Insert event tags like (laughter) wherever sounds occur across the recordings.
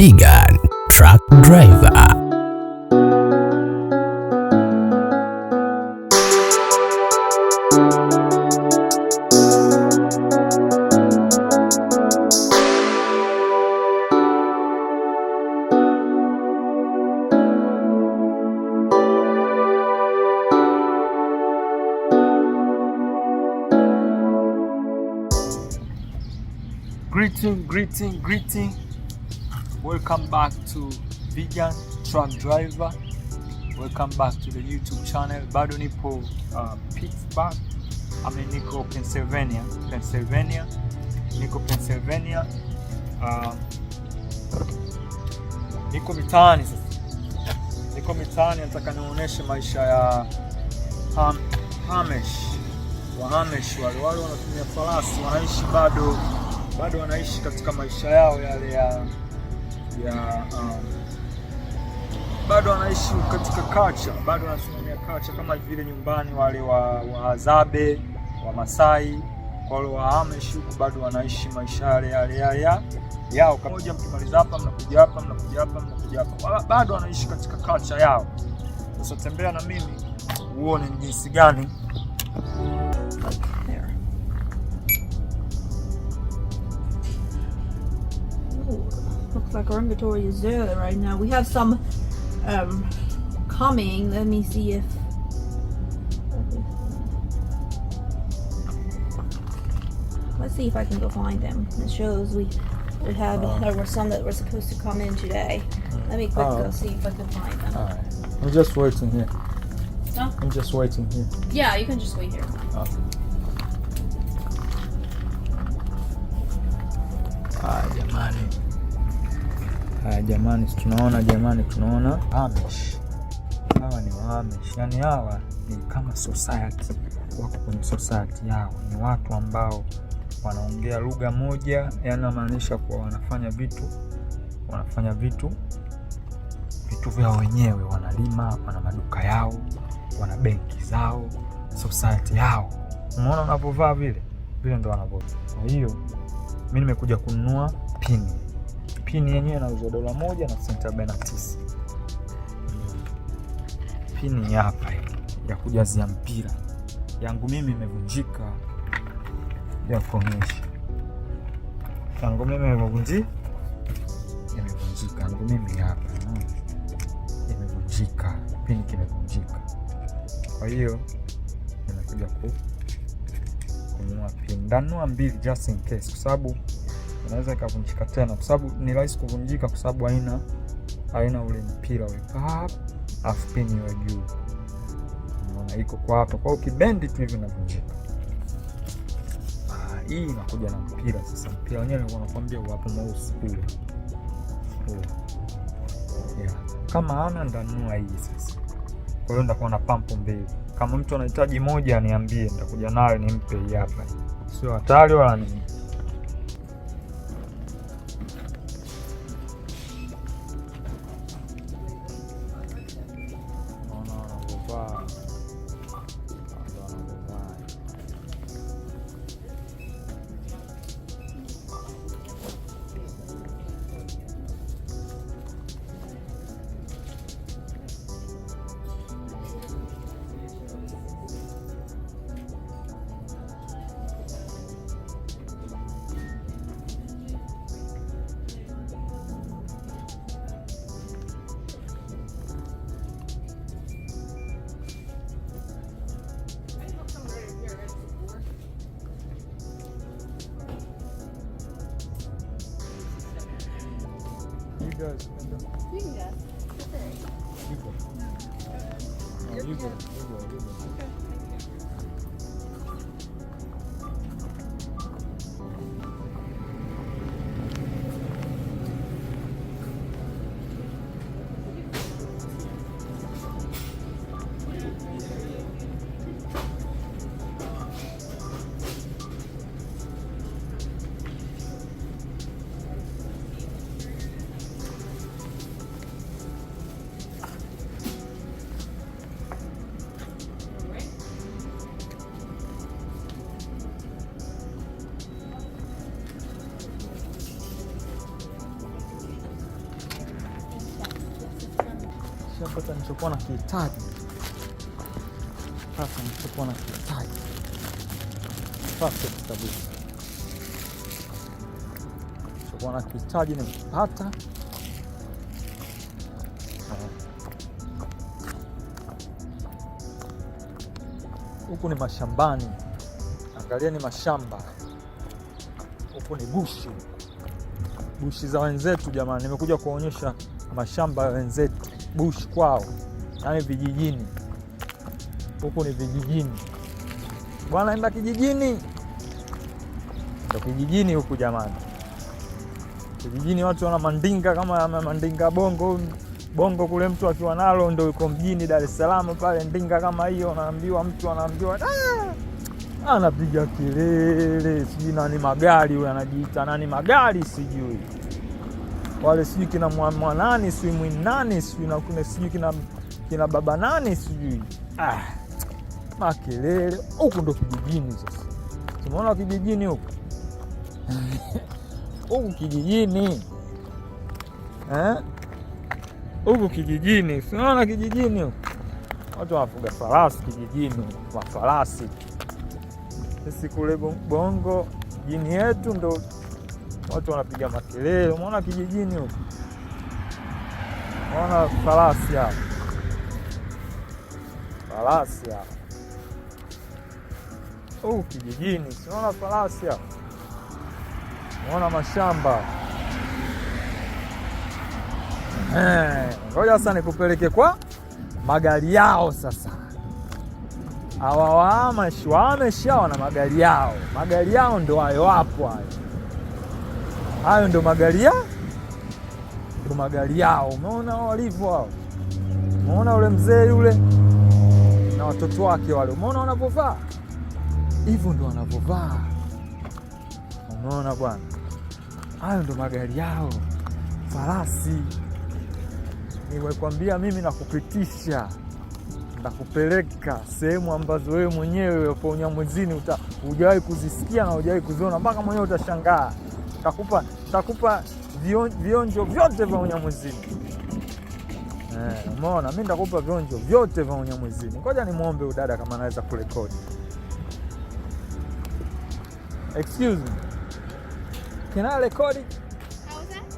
vegan truck driver. Greeting, greeting, greeting. Welcome back to Vegan Truck Driver. Welcome back to the YouTube channel. Bado nipo uh, Pittsburgh. Ame niko Pennsylvania. Pennsylvania. Niko Pennsylvania. Uh, niko mitaani sasa. Niko mitaani, nataka nionyeshe maisha ya Ham, Hamesh. Wahamish wale wale wanatumia farasi wanaishi bado bado wanaishi katika maisha yao yale ya uh, ya um, bado wanaishi katika kacha, bado wanasimamia kacha kama vile nyumbani wale wa Azabe wa Masai wale wa Amish bado wanaishi maisha yale yale yale yao. Kamoja, mkimaliza hapa mnakuja hapa mnakuja hapa mnakuja hapa, bado wanaishi katika kacha yao. Sasa tembea na mimi uone ni jinsi gani Ooh. looks like our inventory is there right now. We have some um, coming. Let me see if let's see if I can go find them. It shows we we have uh-huh. there were some that were supposed to come in today. Let me quick uh, go oh. see if I can find them. All right, I'm just waiting here. Huh? I'm just waiting here. Yeah, you can just wait here. Ah, the money. Haya jamani, tunaona jamani, tunaona Amish. Hawa ni Amish, yani hawa ni kama society, wako kwenye society yao, ni watu ambao wanaongea lugha moja, yaani namaanisha kuwa wanafanya vitu wanafanya vitu vitu vyao wenyewe, wanalima, wana maduka yao, wana benki zao, society yao. Umeona wanavyovaa vile vile, ndo wanavyovaa. Kwa hiyo mimi nimekuja kununua pini Pini yenyewe inauzwa dola moja na senti arobaini na tisa. Pini hapa ya kujazia mpira yangu mimi imevunjika, ya kuonyesha yangu mimi imevunjika, imevunjika yangu mimi hapa imevunjika, pini kimevunjika. Kwa hiyo nimekuja kununua pini, ndanunua mbili just in case, kwa sababu inaweza ikavunjika tena, kwa sababu ni rahisi kuvunjika, kwa sababu haina haina ule mpira wa pap, afu pini iwe juu, unaona iko kwa hapa, kwa ukibendi tu hivi inavunjika. Ah, hii inakuja na mpira sasa. Mpira wenyewe wanakuambia wapo mweusi ule Kama ana ndanua hii sasa, kwa hiyo nitakuwa na pampu mbili. Kama mtu anahitaji moja aniambie, nitakuja nayo nimpe hii hapa, sio hatari wala nini. guys. You can guess. You you go. You go. You go. kupata nilichokuwa na kihitaji. Sasa nilichokuwa na kihitaji perfect kabisa, nilichokuwa na kihitaji nimepata. Huku ni mashambani, angalia, ni mashamba huku, ni bushi, bushi za wenzetu. Jamani, nimekuja kuonyesha mashamba ya wenzetu bush kwao, yaani vijijini. Huku ni vijijini bwana, enda kijijini, ndo kijijini huku jamani. Kijijini watu wana mandinga kama mandinga bongo bongo kule, mtu akiwa nalo ndo yuko mjini Dar es Salaam pale. Ndinga kama hiyo, naambiwa mtu anaambiwa ah! anapiga kelele, sijui nani magari, huyo anajiita nani magari, sijui wale sijui kina mwanani nani sijui mwinani sijui kina, kina baba nani sijui ah, makelele huku ndo kijijini. Sasa tumeona kijijini huku (laughs) huku kijijini eh? huku eh? kijijini tunaona kijijini huku watu wanafuga farasi kijijini, mafarasi sisi kule Bongo jini yetu ndo watu wanapiga makelele. Umeona kijijini huko, umeona farasi hapa, farasi hapa huku kijijini, unaona farasi hapa, unaona mashamba. Ngoja sasa nikupeleke kwa magari yao sasa hawa waamashi waameshawa na magari yao, magari yao ndo hayo hapo hayo. Hayo ndo magari ya ndo magari yao. Umeona walivyo hao, umeona ule mzee yule na watoto wake wale, umeona wanavyovaa, hivyo ndo wanavyovaa. Umeona bwana, hayo ndo magari yao, farasi. Nimekwambia mimi nakupitisha nakupeleka sehemu ambazo wewe mwenyewe upo Unyamwezini hujawahi kuzisikia na hujawahi kuziona, mpaka mwenyewe utashangaa takupa, takupa vionjo vyote vya unyamwezini. Eh, umeona, mi nitakupa vionjo vyote vya unyamwezini. Ngoja nimwombe udada kama anaweza kurekodi. Excuse me. Can I record it?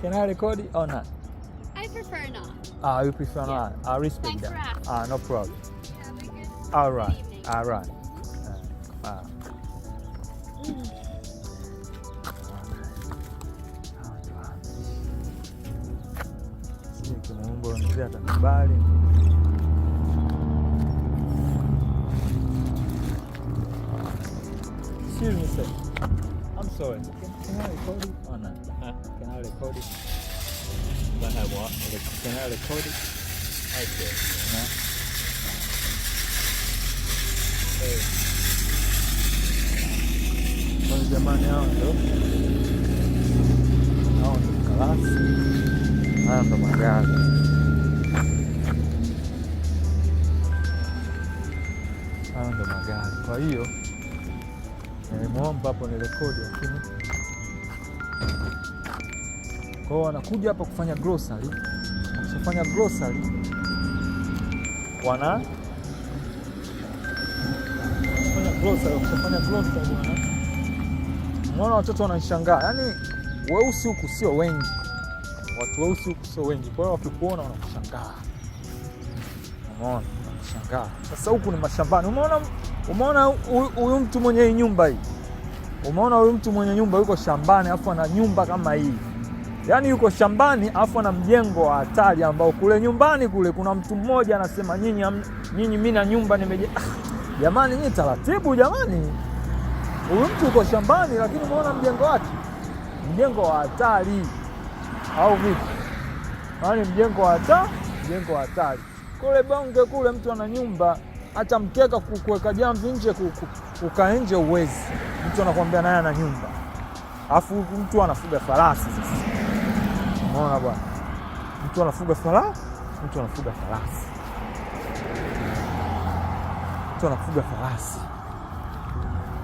Can I record it or not? I prefer not. Ah, you prefer yeah. not. I respect Thanks that. Ah, no problem. Yeah, all right. All right. Uh, uh. Mm. chini kuna umbo wanazuia Excuse me sir. I'm sorry. Can, can I record it? Oh no. (laughs) Can I record it? Can I what? Can I record it? I see. No? Hey. Jamani hao ndo. Hao ndo kalasi. Haya ndo magari haya ndo magari. Kwa hiyo nilimwomba hapo ni rekodi, lakini kwa hiyo wanakuja hapa kufanya grocery, wakifanya grocery wana mwana watoto wananishangaa, yaani weusi huku sio wengi weusi sio wengi, kwa hiyo wakikuona wanakushangaa, umeona, wanakushangaa. Sasa huku ni mashambani, umeona, umeona huyu mtu mwenye hii nyumba hii, umeona huyu mtu mwenye nyumba yuko shambani, afu ana nyumba kama hii, yaani yuko shambani, afu ana mjengo wa hatari, ambao kule nyumbani kule kuna mtu mmoja anasema, nyinyi nyinyi, mimi na nyumba nimeje. Ah, jamani, nyinyi taratibu jamani, huyu mtu yuko shambani, lakini umeona mjengo wake, mjengo wa hatari au vipi? Yaani mjengo wa hata mjengo hatari kule Bonge kule, mtu ana nyumba, hata mkeka kuweka jamvi nje kukaa nje uwezi, mtu anakuambia naye ana nyumba, alafu mtu anafuga farasi. Sasa unaona bwana, mtu anafuga farasi, mtu anafuga farasi, mtu anafuga farasi,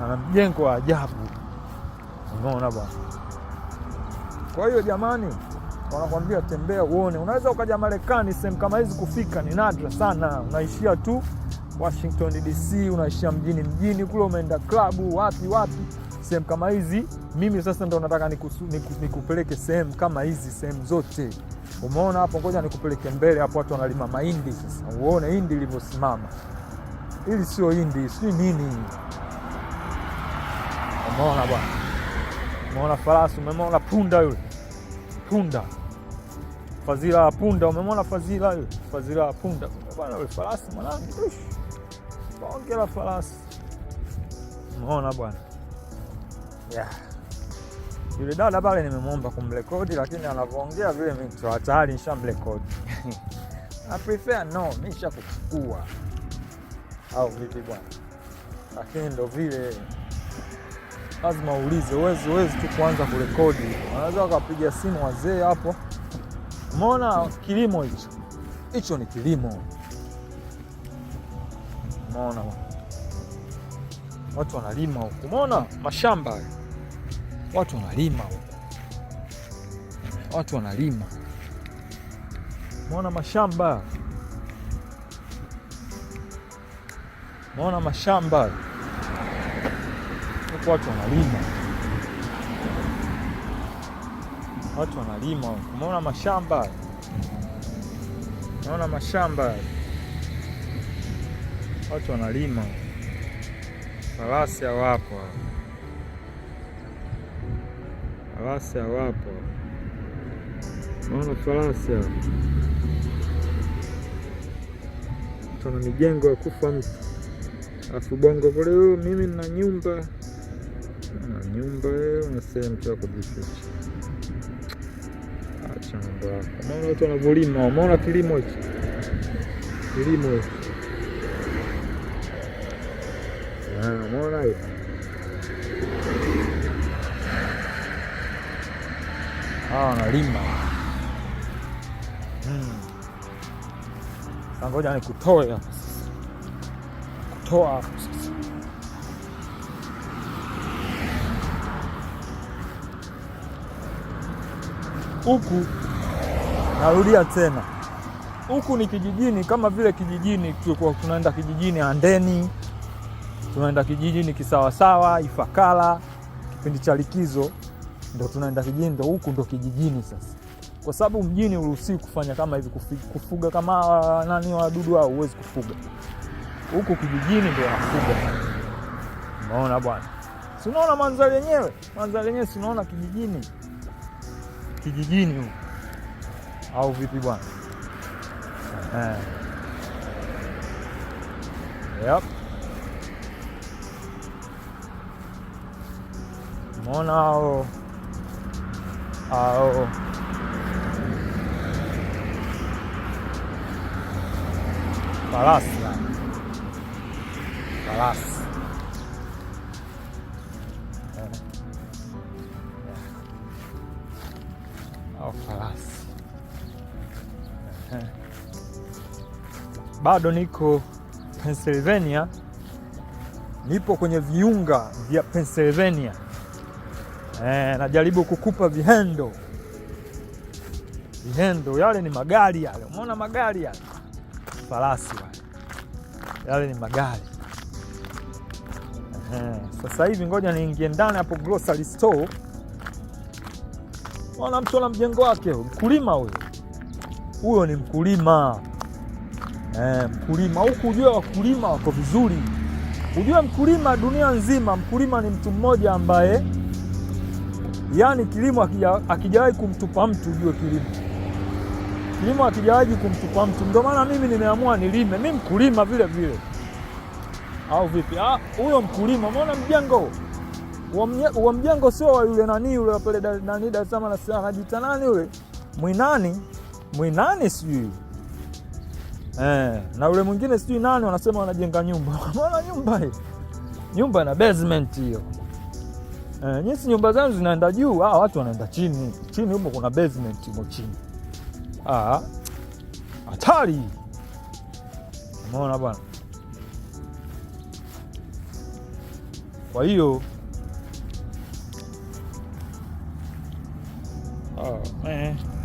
ana mjengo wa ajabu. Unaona bwana, kwa hiyo jamani wanakwambia tembea uone. Unaweza ukaja Marekani, sehemu kama hizi kufika ni nadra sana, unaishia tu Washington DC, unaishia mjini mjini kule, umeenda klabu wapi wapi, sehemu kama hizi. Mimi sasa ndo nataka nikupeleke niku, niku sehemu kama hizi, sehemu zote umeona hapo. Ngoja nikupeleke mbele hapo, watu wanalima mahindi sasa, uone hindi ilivyosimama. Hili sio hindi, sijui nini. Umeona bwana, umeona farasi, umeona punda, yule punda fazila ya punda, umemwona Fadhila yule? Fadhila ya punda bwana, yule farasi mwanangu, bonge la farasi, umeona bwana yeah. Yule dada pale nimemwomba kumrekodi, lakini anavyoongea vile mimi tayari nishamrekodi (laughs) I prefer no, mimi nishakuchukua au vipi bwana? Lakini ndo vile lazima uulize, uwezi uwezi tu kuanza kurekodi, anaweza wakapiga simu wazee hapo Umeona kilimo hicho, hicho ni kilimo. Umeona watu wanalima huku, umeona mashamba, watu wanalima huku, watu wanalima, umeona mashamba, umeona mashamba huku, watu wanalima watu wanalima, umeona mashamba, umeona mashamba, watu wanalima, farasi hawapo, farasi hawapo, umeona farasi tuna mijengo ya kufa mtu, alafu bongo kule, oh, mimi nina nyumba na nyumba, nyumba, sehemu ya nyumba shamba. Unaona watu wanavyolima, umeona kilimo hiki, kilimo hiki, ah, umeona hiyo Ah, wanalima. hmm. Ngoja nikutoe hapa sasa, kutoa hapa sasa. Huku narudia tena, huku ni kijijini, kama vile kijijini tulikuwa tunaenda kijijini andeni tunaenda kijijini Kisawasawa, ifakala kipindi cha likizo ndo tunaenda kijijini, ndo huku ndo kijijini sasa, kwa sababu mjini uruhusiwi kufanya kama hivi, kufuga kama ah, nani wadudu hao, huwezi kufuga huku kijijini, ndo wanafuga. Unaona bwana, si unaona mandhari yenyewe, manzari yenyewe si unaona kijijini kijijini au vipi bwana? Eh. Yep. Mona ao ao farasi farasi bado niko Pennsylvania, nipo kwenye viunga vya Pennsylvania. Eh, najaribu kukupa vihendo vihendo. Yale ni magari yale, umeona magari yale, farasi wale, yale ni magari. Eh, sasa hivi ngoja niingie ndani hapo grocery store. Ona mtu na mjengo wake, mkulima huyo, huyo ni mkulima eh, mkulima huku. Ujue wakulima wako vizuri, ujue mkulima dunia nzima, mkulima ni mtu mmoja ambaye yani kilimo akijawahi kumtupa mtu, ujue kilimo kilimo akijawahi kumtupa mtu. Ndio maana mimi nimeamua nilime, mi mkulima vile vile, au vipi? Ah, huyo mkulima umeona mjengo wa mjengo sio wa yule nani yule pale nani Dar es Salaam, anajita nani yule mwinani mwinani sijui Eh, na ule mwingine sijui nani wanasema wanajenga nyumba. Mbona (laughs) nyumba hii? Nyumba na basement hiyo. Eh, nyinyi nyumba zenu zinaenda juu, ah, watu wanaenda chini. Chini huko kuna basement huko chini. Ah. Hatari. Umeona bwana? Kwa hiyo ah, eh.